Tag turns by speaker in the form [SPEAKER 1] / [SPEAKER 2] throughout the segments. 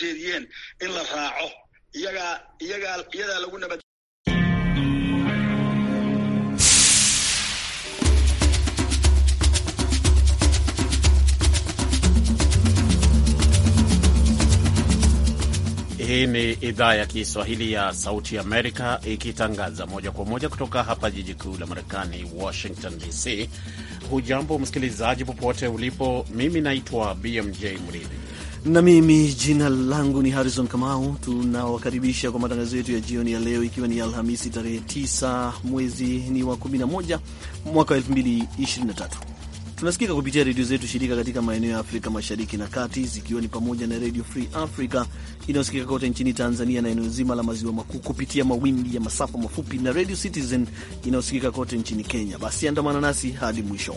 [SPEAKER 1] jeediyeen in la raaco iyagaa iyagaa iyadaa lagu nabad
[SPEAKER 2] Hii ni idhaa ya Kiswahili ya Sauti Amerika ikitangaza moja kwa moja kutoka hapa jiji kuu la Marekani, Washington DC. Hujambo msikilizaji, popote ulipo. Mimi naitwa BMJ Mridhi
[SPEAKER 1] na mimi jina langu ni Harrison Kamau. Tunawakaribisha kwa matangazo yetu ya jioni ya leo, ikiwa ni Alhamisi tarehe 9 mwezi ni wa 11 mwaka wa 2023. Tunasikika kupitia redio zetu shirika katika maeneo ya Afrika mashariki na kati, zikiwa ni pamoja na Redio Free Africa inayosikika kote nchini Tanzania na eneo zima la maziwa makuu kupitia mawimbi ya masafa mafupi na Redio Citizen inayosikika kote nchini Kenya. Basi andamana nasi hadi mwisho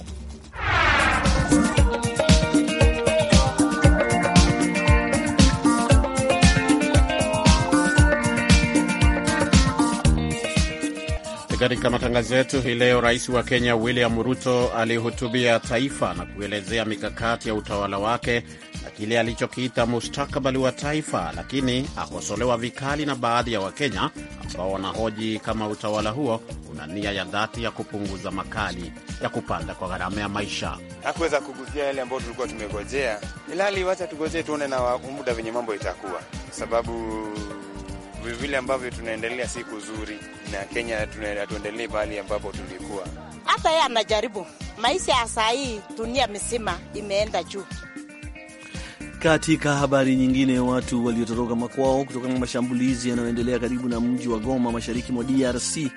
[SPEAKER 2] katika matangazo yetu hii leo, rais wa Kenya William Ruto alihutubia taifa na kuelezea mikakati ya utawala wake na kile alichokiita mustakabali wa taifa, lakini akosolewa vikali na baadhi ya Wakenya ambao wanahoji kama utawala huo una nia ya dhati ya kupunguza makali ya kupanda kwa gharama ya maisha.
[SPEAKER 3] Hakuweza kugusia yale ambayo tulikuwa tumegojea, ilhali wacha tugojee tuone na muda venye mambo itakuwa, kwa sababu vile ambavyo tunaendelea si kuzuri, na Kenya hatuendelei pahali ambapo tulikuwa.
[SPEAKER 4] Hata yeye anajaribu maisha ya saa hii, dunia mzima imeenda juu.
[SPEAKER 1] Katika habari nyingine, watu waliotoroka makwao kutokana na mashambulizi yanayoendelea karibu na mji wa Goma mashariki mwa DRC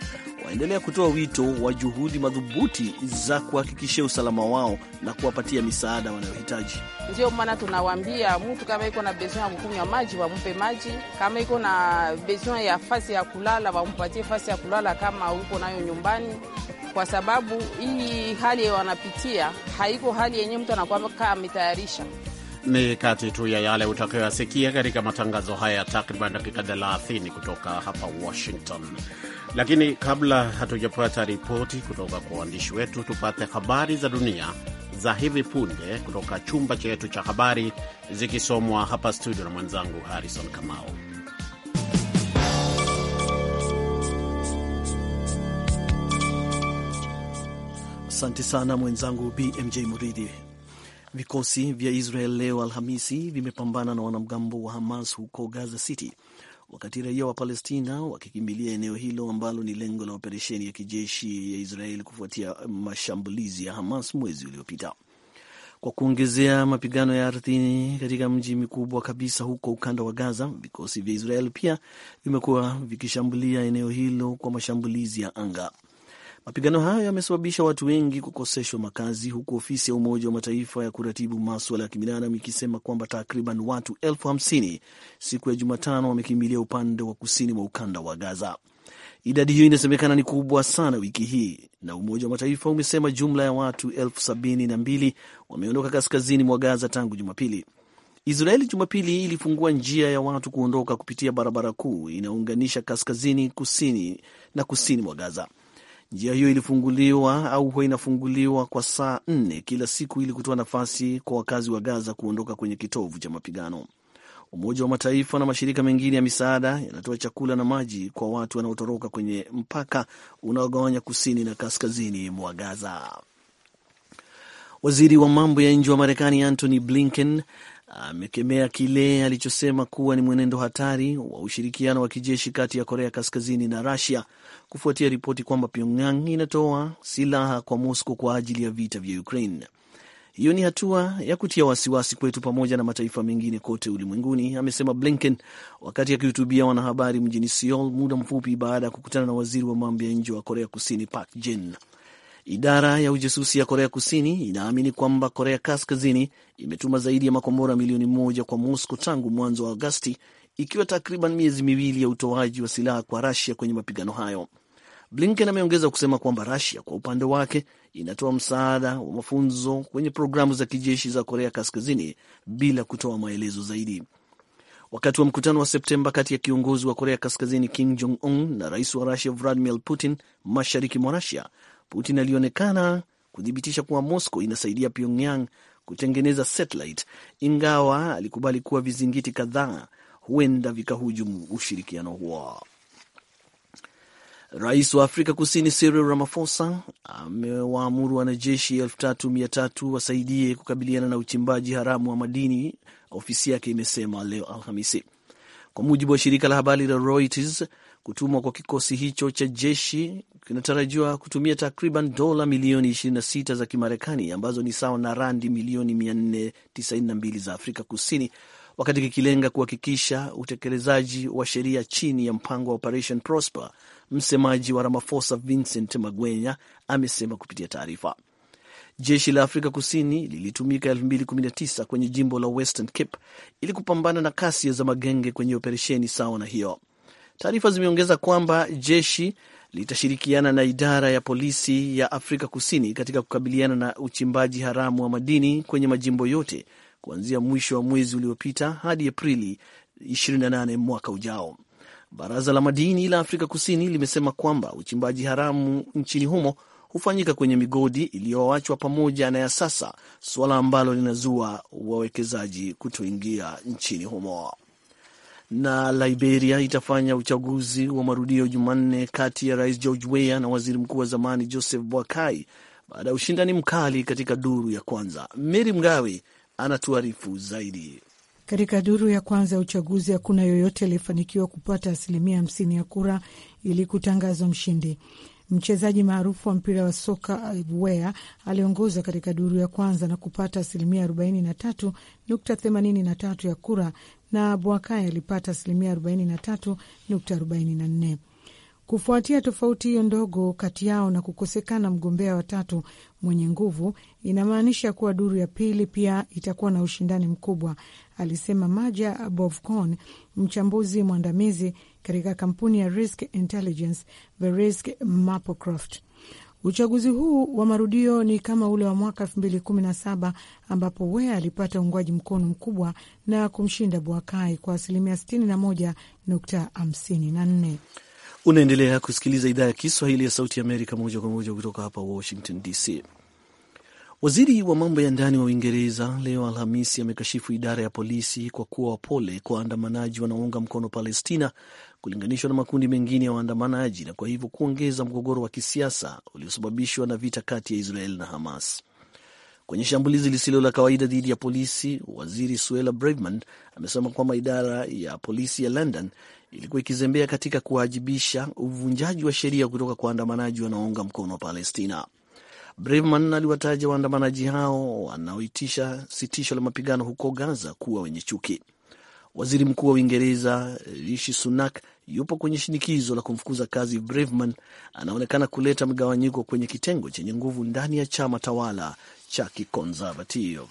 [SPEAKER 1] waendelea kutoa wito wa juhudi madhubuti za kuhakikishia usalama wao na kuwapatia misaada wanayohitaji.
[SPEAKER 5] Ndio maana tunawaambia mtu kama iko na besoin ya kukunywa maji wampe maji, kama iko na besoin ya fasi ya kulala wampatie fasi ya kulala kama uko nayo nyumbani, kwa sababu hii hali wanapitia haiko hali yenyewe mtu anakuwa ametayarisha
[SPEAKER 2] ni kati tu ya yale utakayoyasikia katika matangazo haya ya takriban dakika 30 kutoka hapa Washington. Lakini kabla hatujapata ripoti kutoka kwa waandishi wetu, tupate habari za dunia za hivi punde kutoka chumba chetu cha habari, zikisomwa hapa studio na mwenzangu
[SPEAKER 1] Harrison Kamau. Asante sana mwenzangu BMJ Muridhi. Vikosi vya Israel leo Alhamisi vimepambana na wanamgambo wa Hamas huko Gaza City, wakati raia wa Palestina wakikimbilia eneo hilo ambalo ni lengo la operesheni ya kijeshi ya Israel kufuatia mashambulizi ya Hamas mwezi uliopita. Kwa kuongezea mapigano ya ardhini katika mji mikubwa kabisa huko ukanda wa Gaza, vikosi vya Israel pia vimekuwa vikishambulia eneo hilo kwa mashambulizi ya anga. Mapigano hayo yamesababisha watu wengi kukoseshwa makazi, huku ofisi ya Umoja wa Mataifa ya kuratibu maswala ya kibinadamu ikisema kwamba takriban watu elfu hamsini siku ya Jumatano wamekimbilia upande wa kusini mwa ukanda wa Gaza. Idadi hiyo inasemekana ni kubwa sana wiki hii, na Umoja wa Mataifa umesema jumla ya watu elfu sabini na mbili wameondoka kaskazini mwa Gaza tangu Jumapili. Israeli Jumapili ilifungua njia ya watu kuondoka kupitia barabara kuu inayounganisha kaskazini, kusini na kusini mwa Gaza. Njia hiyo ilifunguliwa au huwa inafunguliwa kwa saa nne kila siku ili kutoa nafasi kwa wakazi wa Gaza kuondoka kwenye kitovu cha mapigano. Umoja wa Mataifa na mashirika mengine ya misaada yanatoa chakula na maji kwa watu wanaotoroka kwenye mpaka unaogawanya kusini na kaskazini mwa Gaza. Waziri wa mambo ya nje wa Marekani Antony Blinken amekemea kile alichosema kuwa ni mwenendo hatari wa ushirikiano wa kijeshi kati ya Korea Kaskazini na Rusia kufuatia ripoti kwamba Pyongyang inatoa silaha kwa Moscow kwa ajili ya vita vya Ukraine. Hiyo ni hatua ya kutia wasiwasi kwetu pamoja na mataifa mengine kote ulimwenguni, amesema Blinken wakati akihutubia wanahabari mjini Seoul muda mfupi baada ya kukutana na waziri wa mambo ya nje wa Korea Kusini Park Jin. Idara ya ujasusi ya Korea Kusini inaamini kwamba Korea Kaskazini imetuma zaidi ya makombora milioni moja kwa Mosco tangu mwanzo wa Agasti, ikiwa takriban miezi miwili ya utoaji wa silaha kwa Rasia kwenye mapigano hayo. Blinken ameongeza kusema kwamba Rasia kwa upande wake inatoa msaada wa mafunzo kwenye programu za kijeshi za Korea Kaskazini bila kutoa maelezo zaidi. Wakati wa mkutano wa Septemba kati ya kiongozi wa Korea Kaskazini Kim Jong Un na rais wa Rusia Vladimir Putin mashariki mwa Rusia, Putin alionekana kuthibitisha kuwa Moscow inasaidia Pyongyang kutengeneza satellite, ingawa alikubali kuwa vizingiti kadhaa huenda vikahujumu ushirikiano huo. Rais wa Afrika Kusini Cyril Ramaphosa amewaamuru wanajeshi elfu tatu mia tatu wasaidie kukabiliana na uchimbaji haramu wa madini, ofisi yake imesema leo Alhamisi, kwa mujibu wa shirika la habari la Reuters. Kutumwa kwa kikosi hicho cha jeshi kinatarajiwa kutumia takriban dola milioni 26 za Kimarekani ambazo ni sawa na randi milioni 492 za Afrika Kusini, wakati kikilenga kuhakikisha utekelezaji wa sheria chini ya mpango wa Operation Prosper. Msemaji wa Ramaphosa Vincent Magwenya amesema kupitia taarifa Jeshi la Afrika Kusini lilitumika 2019 kwenye jimbo la Western Cape ili kupambana na kasi za magenge kwenye operesheni sawa na hiyo. Taarifa zimeongeza kwamba jeshi litashirikiana na idara ya polisi ya Afrika Kusini katika kukabiliana na uchimbaji haramu wa madini kwenye majimbo yote kuanzia mwisho wa mwezi uliopita hadi Aprili 28 mwaka ujao. Baraza la madini la Afrika Kusini limesema kwamba uchimbaji haramu nchini humo hufanyika kwenye migodi iliyoachwa pamoja na ya sasa, suala ambalo linazua wawekezaji kutoingia nchini humo na Liberia itafanya uchaguzi wa marudio Jumanne kati ya rais George Weah na waziri mkuu wa zamani Joseph Boakai baada ya ushindani mkali katika duru ya kwanza. Mary Mgawe anatuarifu zaidi.
[SPEAKER 4] Katika duru ya kwanza ya uchaguzi hakuna yoyote aliyefanikiwa kupata asilimia hamsini ya kura ili kutangazwa mshindi. Mchezaji maarufu wa mpira wa soka Weah aliongoza katika duru ya kwanza na kupata asilimia 43.83 ya kura na Bwakai alipata asilimia 43.44. Kufuatia tofauti hiyo ndogo kati yao na kukosekana mgombea watatu mwenye nguvu, inamaanisha kuwa duru ya pili pia itakuwa na ushindani mkubwa, alisema Maja Bovcon, mchambuzi mwandamizi katika kampuni ya Risk Intelligence, The Risk Maplecroft. Uchaguzi huu wa marudio ni kama ule wa mwaka 2017 ambapo Wea alipata uungwaji mkono mkubwa na kumshinda Bwakai kwa asilimia 61.54.
[SPEAKER 1] Unaendelea kusikiliza idhaa ya Kiswahili ya Sauti ya Amerika moja kwa moja kutoka hapa Washington DC. Waziri wa mambo ya ndani wa Uingereza leo Alhamisi amekashifu idara ya polisi kwa kuwa wapole kwa waandamanaji wanaounga mkono Palestina kulinganishwa na makundi mengine ya waandamanaji na kwa hivyo kuongeza mgogoro wa kisiasa uliosababishwa na vita kati ya Israel na Hamas. Kwenye shambulizi lisilo la kawaida dhidi ya polisi, waziri Suella Braverman amesema kwamba idara ya polisi ya London ilikuwa ikizembea katika kuwajibisha uvunjaji wa sheria kutoka kwa waandamanaji wanaounga mkono wa Palestina. Breman aliwataja waandamanaji hao wanaoitisha sitisho la mapigano huko Gaza kuwa wenye chuki. Waziri Mkuu wa Uingereza Rishi Sunak yupo kwenye shinikizo la kumfukuza kazi Braveman. Anaonekana kuleta mgawanyiko kwenye kitengo chenye nguvu ndani ya chama tawala cha kikonservative.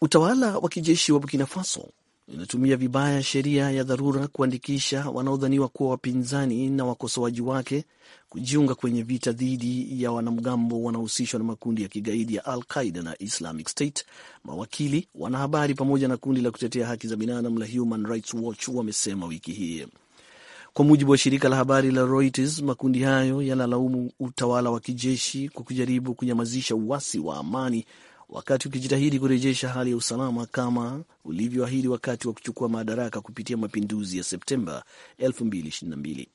[SPEAKER 1] Utawala wa kijeshi wa Burkina Faso linatumia vibaya sheria ya dharura kuandikisha wanaodhaniwa kuwa wapinzani na wakosoaji wake kujiunga kwenye vita dhidi ya wanamgambo wanaohusishwa na makundi ya kigaidi ya Al Qaida na Islamic State. Mawakili, wanahabari, pamoja na kundi la kutetea haki za binadamu la Human Rights Watch wamesema wiki hii. Kwa mujibu wa shirika la habari la Reuters, makundi hayo yanalaumu utawala wa kijeshi kwa kujaribu kunyamazisha uasi wa amani wakati ukijitahidi kurejesha hali ya usalama kama ulivyoahidi wakati wa kuchukua madaraka kupitia mapinduzi ya Septemba 2022.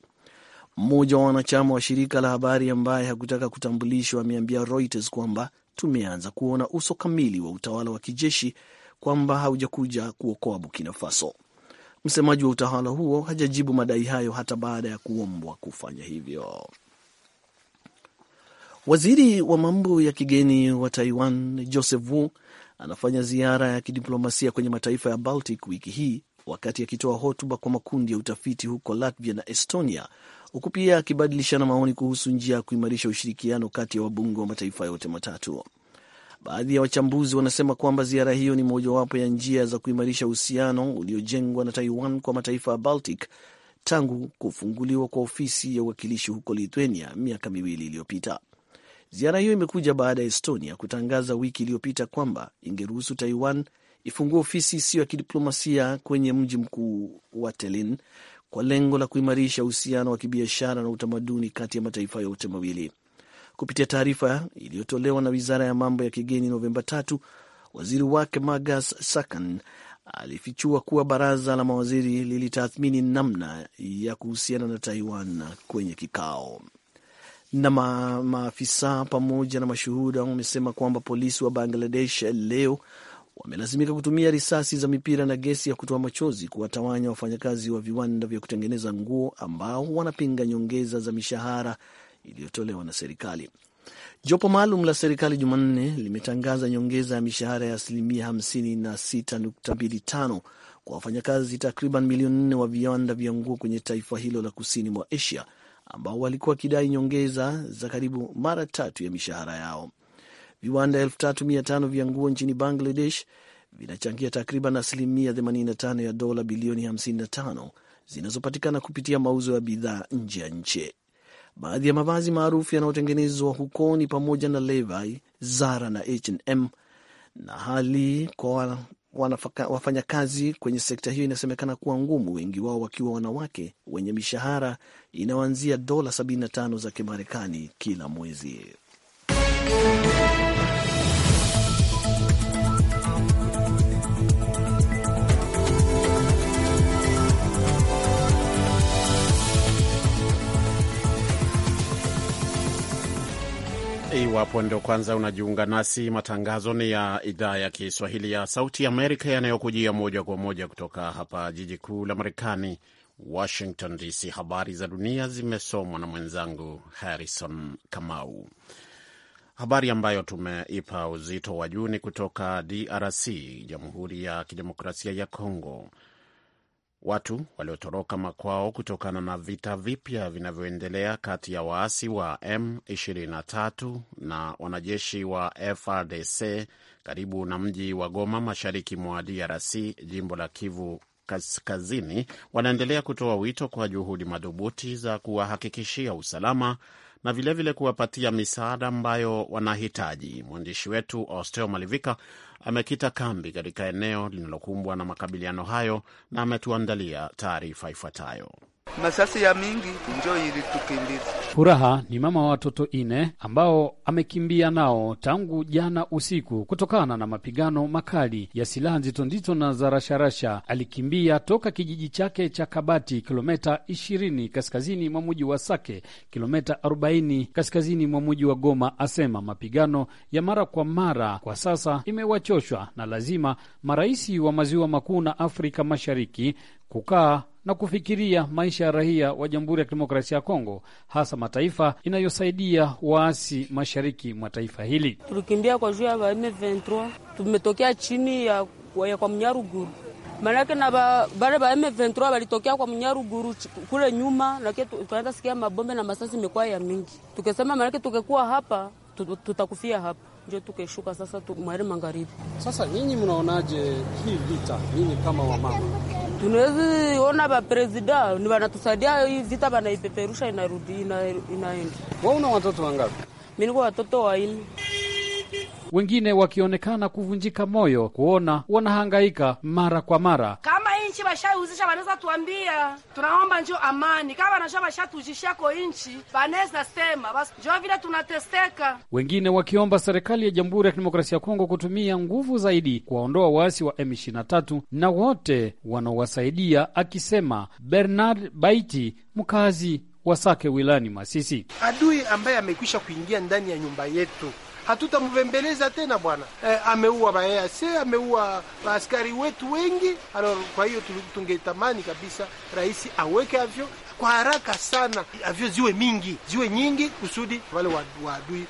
[SPEAKER 1] Mmoja wa wanachama wa shirika la habari ambaye hakutaka kutambulishwa ameambia Reuters kwamba tumeanza kuona uso kamili wa utawala wa kijeshi, kwamba haujakuja kuokoa Burkina Faso. Msemaji wa utawala huo hajajibu madai hayo hata baada ya kuombwa kufanya hivyo. Waziri wa mambo ya kigeni wa Taiwan Joseph Wu anafanya ziara ya kidiplomasia kwenye mataifa ya Baltic wiki hii wakati akitoa hotuba kwa makundi ya utafiti huko Latvia na Estonia, huku pia akibadilishana maoni kuhusu njia ya kuimarisha ushirikiano kati ya wabunge wa mataifa yote matatu. Baadhi ya wachambuzi wanasema kwamba ziara hiyo ni mojawapo ya njia za kuimarisha uhusiano uliojengwa na Taiwan kwa mataifa ya Baltic tangu kufunguliwa kwa ofisi ya uwakilishi huko Lithuania miaka miwili iliyopita. Ziara hiyo imekuja baada ya Estonia kutangaza wiki iliyopita kwamba ingeruhusu Taiwan ifungue ofisi isiyo ya kidiplomasia kwenye mji mkuu wa Tallinn kwa lengo la kuimarisha uhusiano wa kibiashara na utamaduni kati ya mataifa yote mawili. Kupitia taarifa iliyotolewa na wizara ya mambo ya kigeni Novemba tatu, waziri wake Magas Sakan alifichua kuwa baraza la mawaziri lilitathmini namna ya kuhusiana na Taiwan kwenye kikao na ma, maafisa pamoja na mashuhuda wamesema kwamba polisi wa Bangladesh leo wamelazimika kutumia risasi za mipira na gesi ya kutoa machozi kuwatawanya wafanyakazi wa viwanda vya kutengeneza nguo ambao wanapinga nyongeza za mishahara iliyotolewa na serikali. Jopo maalum la serikali Jumanne limetangaza nyongeza ya mishahara ya asilimia 56.25 kwa wafanyakazi takriban milioni nne wa viwanda vya nguo kwenye taifa hilo la kusini mwa Asia ambao walikuwa wakidai nyongeza za karibu mara tatu ya mishahara yao. Viwanda 3500 vya nguo nchini Bangladesh vinachangia takriban asilimia 85 ya dola bilioni 55 zinazopatikana kupitia mauzo ya bidhaa nje ya nchi. Baadhi ya mavazi maarufu yanayotengenezwa huko ni pamoja na Levi, Zara na H&M na hali kwa wafanyakazi kwenye sekta hiyo inasemekana kuwa ngumu, wengi wao wakiwa wanawake wenye mishahara inayoanzia dola 75 za Kimarekani kila mwezi.
[SPEAKER 2] Iwapo ndio kwanza unajiunga nasi, matangazo ni ya idhaa ya Kiswahili ya Sauti Amerika yanayokujia moja kwa moja kutoka hapa jiji kuu la Marekani, Washington DC. Habari za dunia zimesomwa na mwenzangu Harrison Kamau. Habari ambayo tumeipa uzito wa juu ni kutoka DRC, Jamhuri ya Kidemokrasia ya Kongo watu waliotoroka makwao kutokana na vita vipya vinavyoendelea kati ya waasi wa M23 na wanajeshi wa FRDC karibu na mji wa Goma, mashariki mwa DRC, jimbo la Kivu Kaskazini, wanaendelea kutoa wito kwa juhudi madhubuti za kuwahakikishia usalama na vilevile kuwapatia misaada ambayo wanahitaji. Mwandishi wetu Osteo Malivika amekita kambi katika eneo linalokumbwa na makabiliano hayo
[SPEAKER 6] na ametuandalia taarifa ifuatayo.
[SPEAKER 7] Masasi ya mingi njo ilitukimbiza.
[SPEAKER 6] Furaha ni mama wa watoto ine ambao amekimbia nao tangu jana usiku kutokana na mapigano makali ya silaha nzito nzito na za rasharasha. Alikimbia toka kijiji chake cha Kabati, kilometa 20 kaskazini mwa muji wa Sake, kilometa 40 kaskazini mwa muji wa Goma. Asema mapigano ya mara kwa mara kwa sasa imewachoshwa na lazima marais wa maziwa makuu na Afrika Mashariki kukaa na kufikiria maisha ya raia wa Jamhuri ya Kidemokrasia ya Kongo, hasa mataifa inayosaidia waasi mashariki mwa taifa hili. Tulikimbia
[SPEAKER 5] kwa juu ya ba M23, tumetokea chini ya, ya kwa Mnyaruguru manake na bale ba M23 walitokea kwa Mnyaruguru kule nyuma, lakini tukaanza sikia mabombe na masasi imekuwa ya mingi, tukesema manake tukekuwa hapa tutakufia hapa, njo tukeshuka sasa mari magharibi. Sasa
[SPEAKER 6] nyinyi mnaonaje hii vita? Nyinyi kama wamama,
[SPEAKER 5] tunawezi ona vapresida ni wanatusaidia hii vita, wanaipeperusha inarudi inaenda. Wewe una
[SPEAKER 6] watoto wangapi?
[SPEAKER 5] Mimi niko watoto waili
[SPEAKER 6] wengine wakionekana kuvunjika moyo kuona wanahangaika mara kwa mara
[SPEAKER 8] kama inchi bashauzisha, banaweza tuambia, tunaomba njo amani. Kama banasha bashatujisha ko inchi, banaweza sema basi, njo vile tunateseka.
[SPEAKER 6] Wengine wakiomba serikali ya Jamhuri ya Kidemokrasia ya Kongo kutumia nguvu zaidi kuwaondoa waasi wa M23 na wote wanaowasaidia, akisema Bernard Baiti, mkazi wa Sake wilani Masisi.
[SPEAKER 3] Adui ambaye amekwisha kuingia ndani ya nyumba yetu hatutamvembeleza tena bwana. E, ameua maease, ameua maaskari wetu wengi. Alors, kwa hiyo tungetamani kabisa rais aweke avyo kwa haraka sana, avyo ziwe mingi ziwe nyingi, kusudi wale waadui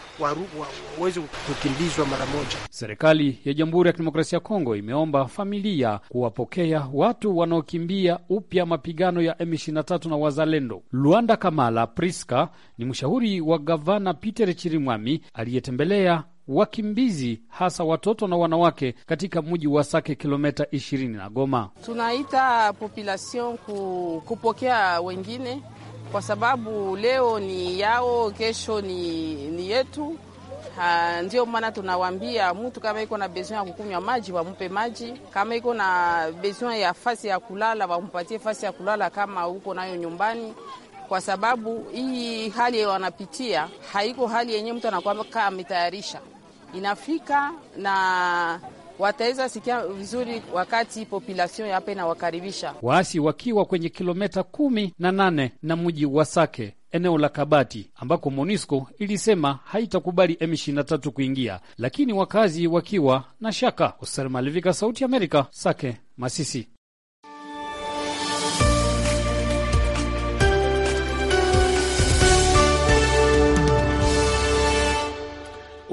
[SPEAKER 3] waweze wa,
[SPEAKER 9] kukimbizwa
[SPEAKER 6] mara moja. Serikali ya Jamhuri ya Kidemokrasia ya Kongo imeomba familia kuwapokea watu wanaokimbia upya mapigano ya M23 na wazalendo. Luanda Kamala Priska ni mshauri wa gavana Peter Chirimwami aliyetembelea wakimbizi hasa watoto na wanawake katika mji wa Sake, kilometa ishirini na Goma.
[SPEAKER 5] Tunaita population ku, kupokea wengine kwa sababu leo ni yao, kesho ni, ni yetu. Ndio maana tunawambia mtu kama iko na besoin ya kukunywa maji wamupe maji, kama iko na besoin ya fasi ya kulala wamupatie fasi ya kulala kama huko nayo nyumbani kwa sababu hii hali wanapitia haiko hali yenye mtu kaa ametayarisha inafika na wataweza sikia vizuri wakati populasion hapa inawakaribisha.
[SPEAKER 6] Waasi wakiwa kwenye kilometa kumi na nane na mji wa Sake eneo la Kabati ambako MONUSCO ilisema haitakubali M23 kuingia, lakini wakazi wakiwa na shaka. Hoser Malivika, Sauti Amerika, Sake, Masisi.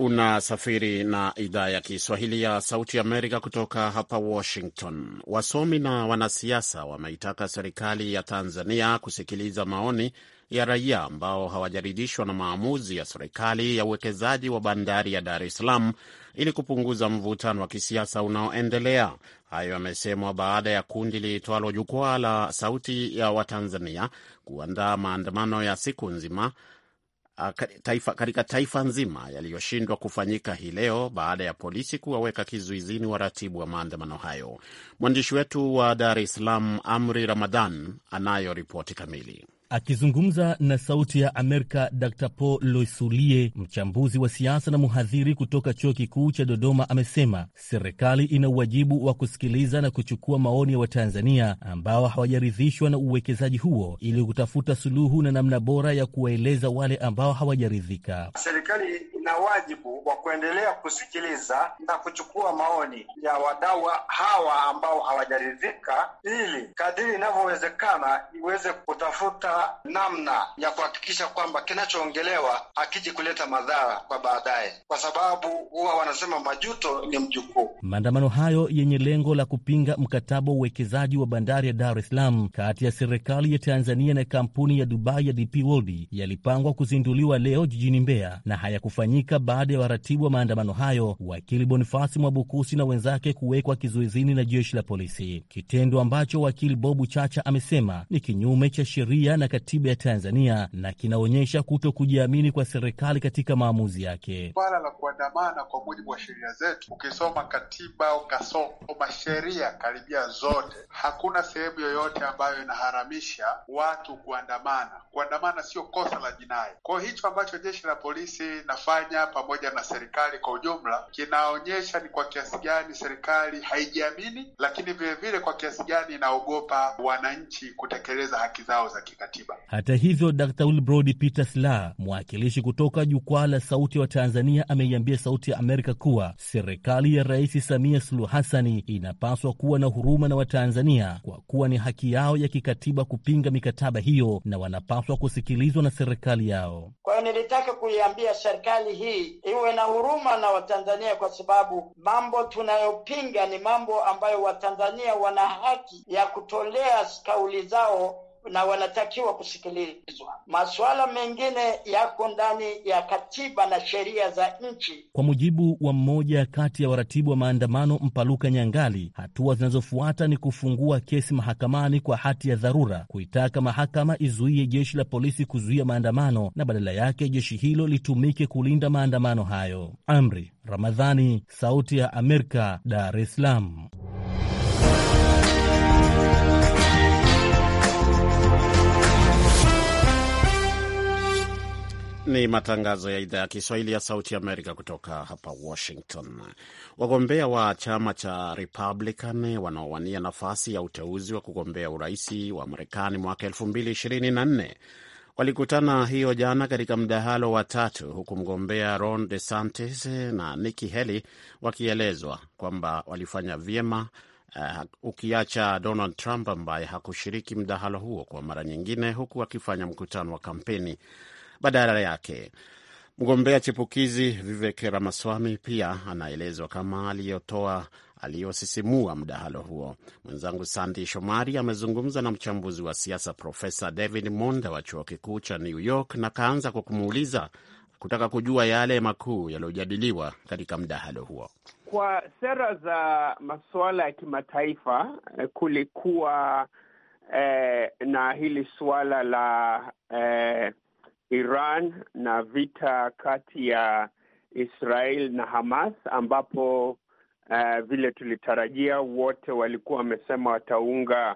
[SPEAKER 2] Unasafiri na idhaa ya Kiswahili ya Sauti Amerika kutoka hapa Washington. Wasomi na wanasiasa wameitaka serikali ya Tanzania kusikiliza maoni ya raia ambao hawajaridhishwa na maamuzi ya serikali ya uwekezaji wa bandari ya Dar es Salaam ili kupunguza mvutano wa kisiasa unaoendelea. Hayo yamesemwa baada ya kundi liitwalo Jukwaa la Sauti ya Watanzania kuandaa maandamano ya siku nzima Uh, taifa, katika taifa nzima yaliyoshindwa kufanyika hii leo baada ya polisi kuwaweka kizuizini waratibu wa maandamano hayo. Mwandishi wetu wa Dar es Salaam, Amri Ramadhan, anayo ripoti kamili.
[SPEAKER 7] Akizungumza na Sauti ya Amerika, Dr Paul Loisulie, mchambuzi wa siasa na mhadhiri kutoka Chuo Kikuu cha Dodoma, amesema serikali ina uwajibu wa kusikiliza na kuchukua maoni ya wa Watanzania ambao hawajaridhishwa na uwekezaji huo ili kutafuta suluhu na namna bora ya kuwaeleza wale ambao hawajaridhika.
[SPEAKER 9] Serikali ina wajibu wa kuendelea kusikiliza na kuchukua maoni ya wadau hawa ambao hawajaridhika, ili kadiri inavyowezekana iweze kutafuta namna ya kuhakikisha kwamba kinachoongelewa hakiji kuleta madhara kwa baadaye, kwa sababu huwa wanasema majuto ni
[SPEAKER 7] mjukuu. Maandamano hayo yenye lengo la kupinga mkataba wa uwekezaji wa bandari ya Dar es Salaam kati ya serikali ya Tanzania na kampuni ya Dubai ya DP World yalipangwa kuzinduliwa leo jijini Mbeya na hayakufanyika kufanyika baada ya waratibu wa maandamano hayo, wakili Bonifasi Mwabukusi na wenzake kuwekwa kizuizini na jeshi la polisi, kitendo ambacho wakili Bobu Chacha amesema ni kinyume cha sheria na katiba ya Tanzania na kinaonyesha kuto kujiamini kwa serikali katika maamuzi yake.
[SPEAKER 9] Swala la kuandamana kwa mujibu wa sheria zetu, ukisoma katiba ukasoma sheria karibia zote, hakuna sehemu yoyote ambayo inaharamisha watu kuandamana. Kuandamana sio kosa la jinai. Kwa hicho ambacho jeshi la polisi nafanya kinafanya pamoja na serikali kwa ujumla kinaonyesha ni kwa kiasi gani serikali haijiamini, lakini vilevile kwa kiasi gani inaogopa wananchi kutekeleza haki zao za kikatiba.
[SPEAKER 7] Hata hivyo, Dr. Wilbrod Peter sla mwakilishi kutoka Jukwaa la Sauti ya Tanzania, ameiambia Sauti ya Amerika kuwa serikali ya Rais Samia Suluhu Hasani inapaswa kuwa na huruma na Watanzania kwa kuwa ni haki yao ya kikatiba kupinga mikataba hiyo na wanapaswa kusikilizwa na serikali yao.
[SPEAKER 2] Kwa hiyo nilitaka kuiambia serikali hii iwe na huruma na Watanzania,
[SPEAKER 5] kwa sababu mambo tunayopinga ni mambo ambayo Watanzania wana haki ya kutolea kauli zao na wanatakiwa kusikilizwa. Masuala
[SPEAKER 9] mengine yako ndani ya katiba na sheria za nchi.
[SPEAKER 7] Kwa mujibu wa mmoja kati ya waratibu wa maandamano Mpaluka Nyangali, hatua zinazofuata ni kufungua kesi mahakamani kwa hati ya dharura, kuitaka mahakama izuie jeshi la polisi kuzuia maandamano na badala yake jeshi hilo litumike kulinda maandamano hayo. Amri Ramadhani, Sauti ya Amerika, Dar es Salaam.
[SPEAKER 2] Ni matangazo ya idhaa ya Kiswahili ya Sauti Amerika kutoka hapa Washington. Wagombea wa chama cha Republican wanaowania nafasi ya uteuzi wa kugombea uraisi wa Marekani mwaka 2024 walikutana hiyo jana katika mdahalo wa tatu, huku mgombea Ron De Santis na Nikki Haley wakielezwa kwamba walifanya vyema Uh, ukiacha Donald Trump ambaye hakushiriki mdahalo huo kwa mara nyingine, huku akifanya mkutano wa kampeni badala yake. Mgombea chipukizi Vivek Ramaswamy pia anaelezwa kama aliyotoa aliyosisimua mdahalo huo. Mwenzangu Sandi Shomari amezungumza na mchambuzi wa siasa Profesa David Monda wa chuo kikuu cha New York na kaanza kwa kumuuliza kutaka kujua yale makuu yaliyojadiliwa katika mdahalo
[SPEAKER 9] huo. Kwa sera za masuala ya kimataifa eh, kulikuwa eh, na hili suala la eh, Iran na vita kati ya Israel na Hamas ambapo uh, vile tulitarajia wote walikuwa wamesema wataunga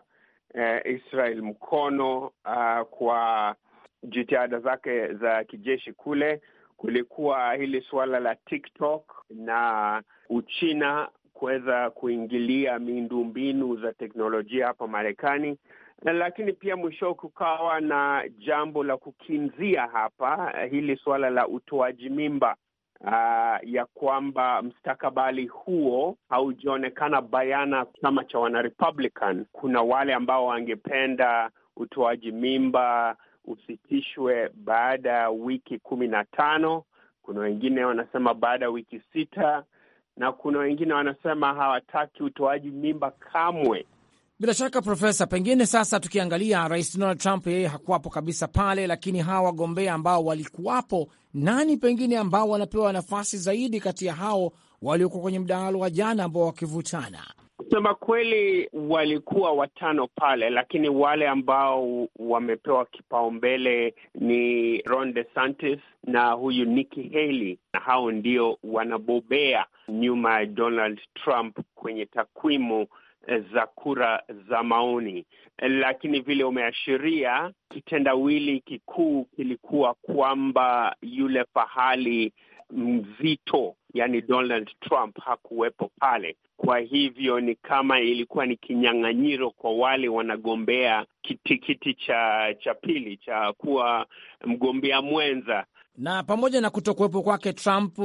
[SPEAKER 9] uh, Israel mkono uh, kwa jitihada zake za kijeshi kule. Kulikuwa hili suala la TikTok na Uchina kuweza kuingilia miundombinu za teknolojia hapa Marekani na lakini pia mwisho kukawa na jambo la kukinzia hapa, eh, hili suala la utoaji mimba uh, ya kwamba mstakabali huo haujaonekana bayana. Chama cha wanarepublican, kuna wale ambao wangependa utoaji mimba usitishwe baada ya wiki kumi na tano. Kuna wengine wanasema baada ya wiki sita, na kuna wengine wanasema hawataki utoaji mimba kamwe. Bila shaka
[SPEAKER 5] Profesa, pengine sasa tukiangalia, Rais Donald Trump yeye hakuwapo kabisa pale, lakini hawa wagombea ambao walikuwapo, nani pengine ambao wanapewa nafasi zaidi kati ya hao waliokuwa kwenye mdahalo wa jana ambao wakivutana?
[SPEAKER 9] Kusema kweli, walikuwa watano pale, lakini wale ambao wamepewa kipaumbele ni Ron DeSantis na huyu Nikki Haley, na hao ndio wanabobea nyuma ya Donald Trump kwenye takwimu Eh, za kura za maoni, eh, lakini vile umeashiria, kitendawili kikuu kilikuwa kwamba yule fahali mzito, yani Donald Trump hakuwepo pale. Kwa hivyo ni kama ilikuwa ni kinyang'anyiro kwa wale wanagombea kitikiti cha cha pili cha kuwa mgombea mwenza,
[SPEAKER 5] na pamoja na kutokuwepo kwake Trump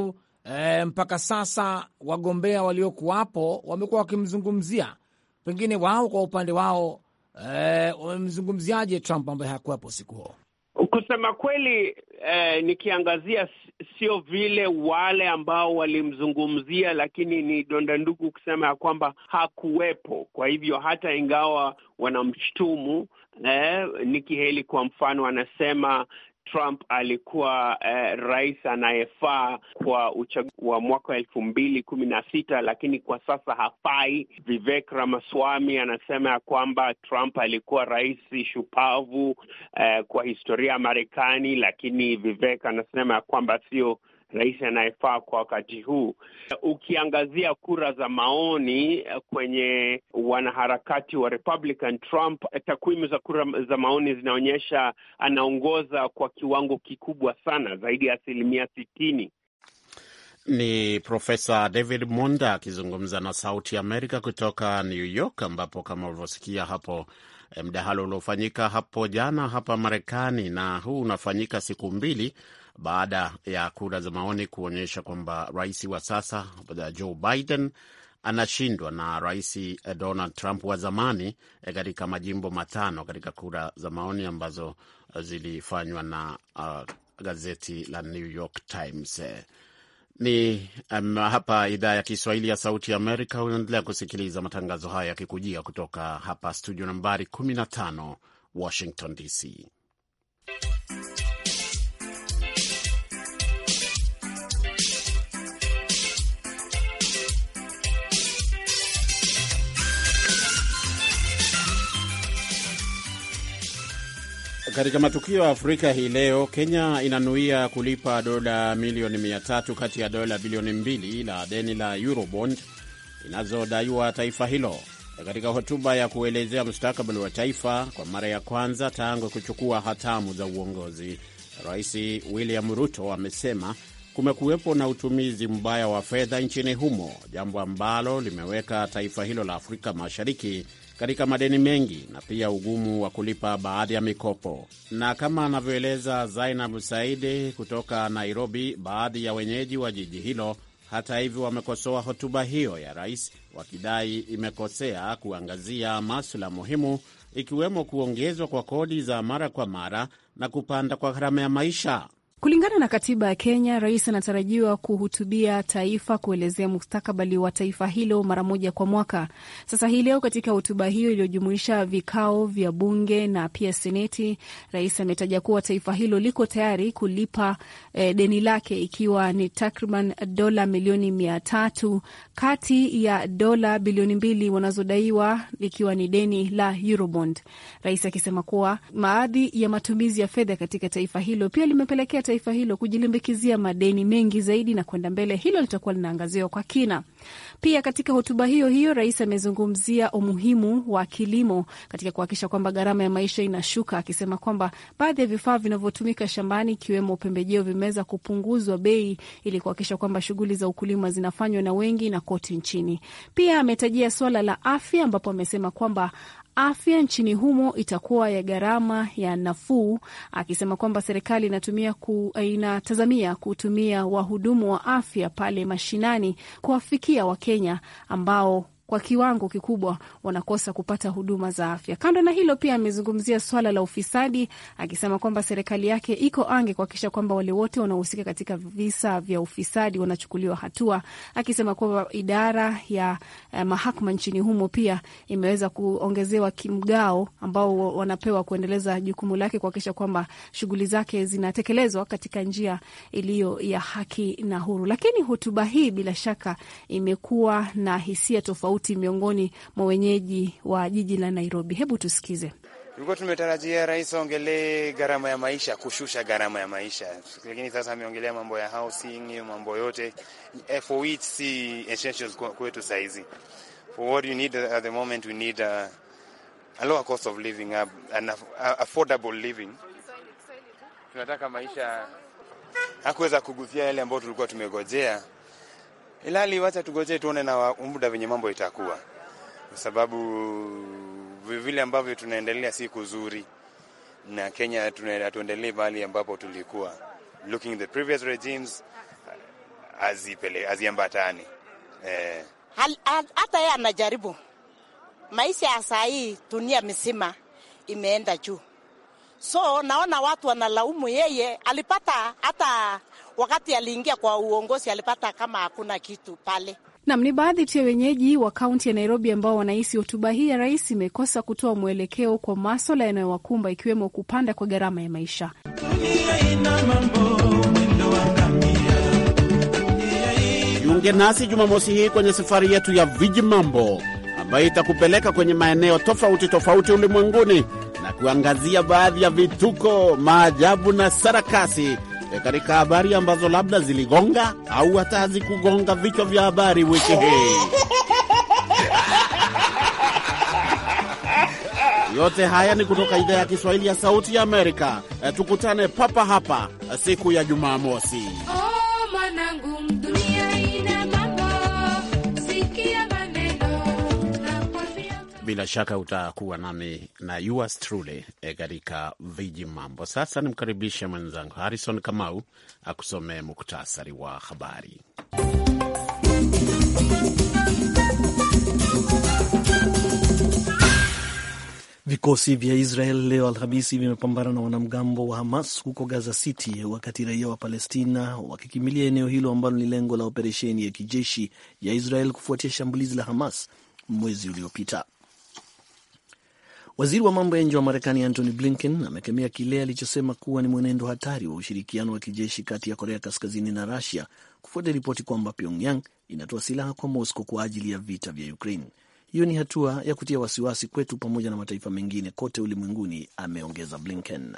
[SPEAKER 5] E, mpaka sasa wagombea waliokuwapo wamekuwa wakimzungumzia pengine wao kwa upande wao eh, wamemzungumziaje eh, Trump ambaye hakuwepo siku huo?
[SPEAKER 9] Kusema kweli eh, nikiangazia sio vile wale ambao walimzungumzia, lakini ni donda ndugu kusema ya kwamba hakuwepo. Kwa hivyo hata ingawa wanamshtumu eh, Nikki Haley kwa mfano anasema Trump alikuwa eh, rais anayefaa kwa uchaguzi wa mwaka wa elfu mbili kumi na sita, lakini kwa sasa hafai. Vivek Ramaswamy anasema ya kwamba Trump alikuwa rais shupavu eh, kwa historia ya Marekani, lakini Vivek anasema ya kwamba sio rais anayefaa kwa wakati huu. Ukiangazia kura za maoni eh, kwenye wanaharakati wa Republican, Trump, eh, takwimu za kura za maoni zinaonyesha anaongoza kwa kiwango kikubwa sana, zaidi ya asilimia sitini.
[SPEAKER 2] Ni Profesa David Monda akizungumza na Sauti Amerika kutoka New York, ambapo kama ulivyosikia hapo eh, mdahalo uliofanyika hapo jana hapa Marekani, na huu unafanyika siku mbili baada ya kura za maoni kuonyesha kwamba rais wa sasa eh, Joe Biden anashindwa na rais eh, Donald Trump wa zamani katika majimbo matano katika kura za maoni ambazo zilifanywa na uh, gazeti la New York Times ni um, hapa idhaa ya Kiswahili ya Sauti ya Amerika. Unaendelea kusikiliza matangazo haya yakikujia kutoka hapa studio nambari 15 Washington DC. Katika matukio ya Afrika hii leo, Kenya inanuia kulipa dola milioni mia kati ya dola bilioni 2 la deni la Eurobond inazodaiwa taifa hilo. Katika hotuba ya kuelezea mustakabali wa taifa kwa mara ya kwanza tangu kuchukua hatamu za uongozi, Rais William Ruto amesema kumekuwepo na utumizi mbaya wa fedha nchini humo, jambo ambalo limeweka taifa hilo la Afrika Mashariki katika madeni mengi na pia ugumu wa kulipa baadhi ya mikopo. Na kama anavyoeleza Zainab Saidi kutoka Nairobi, baadhi ya wenyeji wa jiji hilo hata hivyo wamekosoa hotuba hiyo ya rais, wakidai imekosea kuangazia masuala muhimu ikiwemo kuongezwa kwa kodi za mara kwa mara na kupanda kwa gharama ya maisha.
[SPEAKER 8] Kulingana na katiba ya Kenya, rais anatarajiwa kuhutubia taifa kuelezea mustakabali wa taifa hilo mara moja kwa mwaka. Sasa hii leo katika hotuba hiyo iliyojumuisha vikao vya bunge na pia seneti, rais ametaja kuwa taifa hilo liko tayari kulipa eh, deni lake ikiwa ni takriban dola milioni mia tatu kati ya dola bilioni mbili wanazodaiwa ikiwa ni deni la Eurobond, rais akisema kuwa baadhi ya matumizi ya fedha katika taifa hilo pia limepelekea taifa hilo kujilimbikizia madeni mengi zaidi na kwenda mbele. Hilo litakuwa linaangaziwa kwa kina. Pia katika hotuba hiyo hiyo, rais amezungumzia umuhimu wa kilimo katika kuhakikisha kwamba gharama ya maisha inashuka, akisema kwamba baadhi ya vifaa vinavyotumika shambani ikiwemo pembejeo vimeweza kupunguzwa bei ili kuhakikisha kwamba shughuli za ukulima zinafanywa na wengi na kote nchini. Pia ametajia suala la afya, ambapo amesema kwamba afya nchini humo itakuwa ya gharama ya nafuu, akisema kwamba serikali inatumia ku, inatazamia kutumia wahudumu wa afya pale mashinani kuwafikia Wakenya ambao kwa kiwango kikubwa wanakosa kupata huduma za afya. Kando na hilo, pia amezungumzia swala la ufisadi, akisema kwamba serikali yake iko ange kuhakikisha kwamba wale wote wanaohusika katika visa vya ufisadi wanachukuliwa hatua, akisema kwamba idara ya eh, mahakama nchini humo pia imeweza kuongezewa kimgao ambao wanapewa kuendeleza jukumu lake kuhakikisha kwamba shughuli zake zinatekelezwa katika njia iliyo ya haki na huru. Lakini hotuba hii bila shaka imekuwa na hisia tofauti tofauti miongoni mwa wenyeji wa jiji la Nairobi. Hebu tusikize.
[SPEAKER 3] Tulikuwa tumetarajia rais aongelee gharama ya maisha, kushusha gharama ya maisha, lakini sasa ameongelea mambo ya housing, mambo yote si essentials kwetu saizi. For what you need at the moment we need a, a lower cost of living, a, an affordable living. Tunataka maisha hakuweza kugusia yale ambayo tulikuwa tumegojea ilali wacha tugoje tuone na muda venye mambo itakuwa, kwa sababu vile ambavyo tunaendelea si kuzuri, na Kenya hatuendelee mahali ambapo tulikuwa. Looking the previous regimes azipele aziambatani eh.
[SPEAKER 4] Hata yeye anajaribu maisha ya saa hii, dunia misima imeenda juu, so naona watu wanalaumu yeye, alipata hata wakati aliingia kwa uongozi alipata kama hakuna kitu pale.
[SPEAKER 8] Nam ni baadhi tu ya wenyeji wa kaunti ya Nairobi ambao wanahisi hotuba hii ya rais imekosa kutoa mwelekeo kwa maswala yanayowakumba ikiwemo kupanda kwa gharama ya maisha.
[SPEAKER 2] Jiunge nasi Jumamosi hii kwenye safari yetu ya viji mambo ambayo itakupeleka kwenye maeneo tofauti tofauti ulimwenguni na kuangazia baadhi ya vituko, maajabu na sarakasi E, katika habari ambazo labda ziligonga au hata hazikugonga vichwa vya habari wiki hii. Yote haya ni kutoka idhaa ya Kiswahili ya Sauti ya Amerika. E, tukutane papa hapa siku ya Jumamosi. bila shaka utakuwa nami na yours truly eh, katika viji mambo. Sasa nimkaribishe mwenzangu Harrison Kamau akusomee muktasari wa habari.
[SPEAKER 1] Vikosi vya Israel leo Alhamisi vimepambana na wanamgambo wa Hamas huko Gaza City, wakati raia wa Palestina wakikimbilia eneo hilo ambalo ni lengo la operesheni ya kijeshi ya Israel kufuatia shambulizi la Hamas mwezi uliopita. Waziri wa mambo ya nje wa Marekani Antony Blinken amekemea kile alichosema kuwa ni mwenendo hatari wa ushirikiano wa kijeshi kati ya Korea Kaskazini na Rusia kufuatia ripoti kwamba Pyongyang inatoa silaha kwa Moscow kwa ajili ya vita vya Ukraine. Hiyo ni hatua ya kutia wasiwasi kwetu pamoja na mataifa mengine kote ulimwenguni, ameongeza Blinken.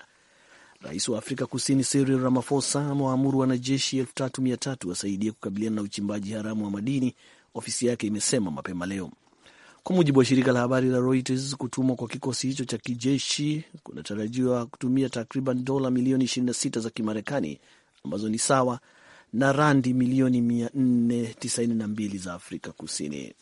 [SPEAKER 1] Rais wa Afrika Kusini Cyril Ramaphosa amewaamuru wanajeshi elfu tatu mia tatu wasaidie kukabiliana na uchimbaji haramu wa madini, ofisi yake imesema mapema leo. Kwa mujibu wa shirika la habari la Reuters, kutumwa kwa kikosi hicho cha kijeshi kunatarajiwa kutumia takriban dola milioni 26 za Kimarekani ambazo ni sawa na randi milioni 492 za Afrika Kusini.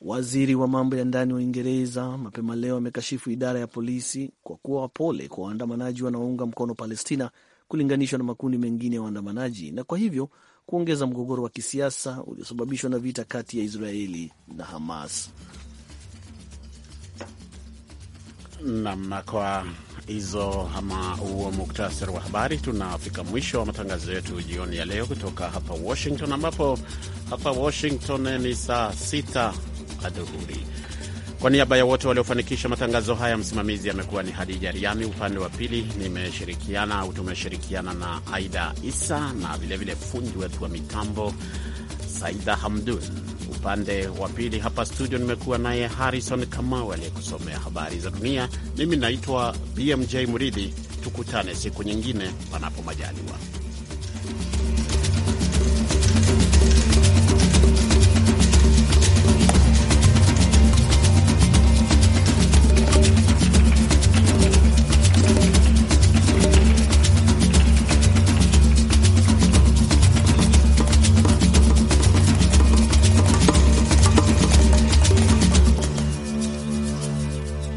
[SPEAKER 1] Waziri wa mambo ya ndani wa Uingereza mapema leo amekashifu idara ya polisi kwa kuwa pole kwa waandamanaji wanaounga mkono Palestina kulinganishwa na makundi mengine ya waandamanaji na kwa hivyo kuongeza mgogoro wa kisiasa uliosababishwa na vita kati ya Israeli na Hamas.
[SPEAKER 2] Nam, kwa hizo ama huo muktasari wa habari, tunafika mwisho wa matangazo yetu jioni ya leo kutoka hapa Washington, ambapo hapa Washington ni saa sita adhuhuri. Kwa niaba ya wote waliofanikisha matangazo haya, msimamizi amekuwa ni Hadija Riami, upande wa pili nimeshirikiana au tumeshirikiana na Aida Isa na vilevile fundi wetu wa mitambo Saida Hamdun. Upande wa pili hapa studio nimekuwa naye Harrison Kamau aliyekusomea habari za dunia. Mimi naitwa BMJ Muridhi. Tukutane siku nyingine, panapo majaliwa.